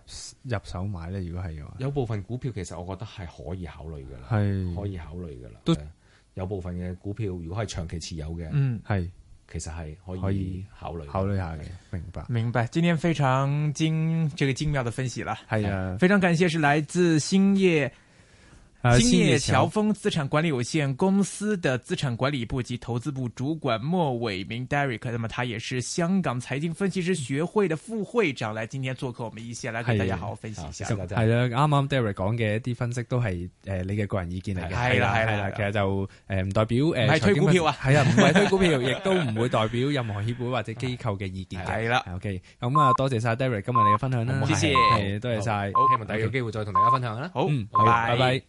入手買咧？如果係有，部分股票其實我覺得係可以考慮嘅啦，係可以考慮嘅啦。都，有部分嘅股票如果係長期持有嘅，嗯係。其實係可以考慮考慮下嘅，明白明白。今天非常精，這個精妙的分析啦，係啊、嗯，非常感謝，是來自興業金葉橋峰資產管理有限公司的資產管理部及投資部主管莫偉民 Derek，那麼他也是香港財經分析師學會的副會長，來今天做客我們一線，來跟大家好好分析一下。係啦，啱啱 Derek 講嘅一啲分析都係誒你嘅個人意見嚟嘅，係啦係啦，其實就誒唔代表誒推股票啊，係啊唔係推股票，亦都唔會代表任何協會或者機構嘅意見嘅，係啦。OK，咁啊多謝晒 Derek 今日你嘅分享啦，係多謝晒，希望大家有機會再同大家分享啦。好，拜拜。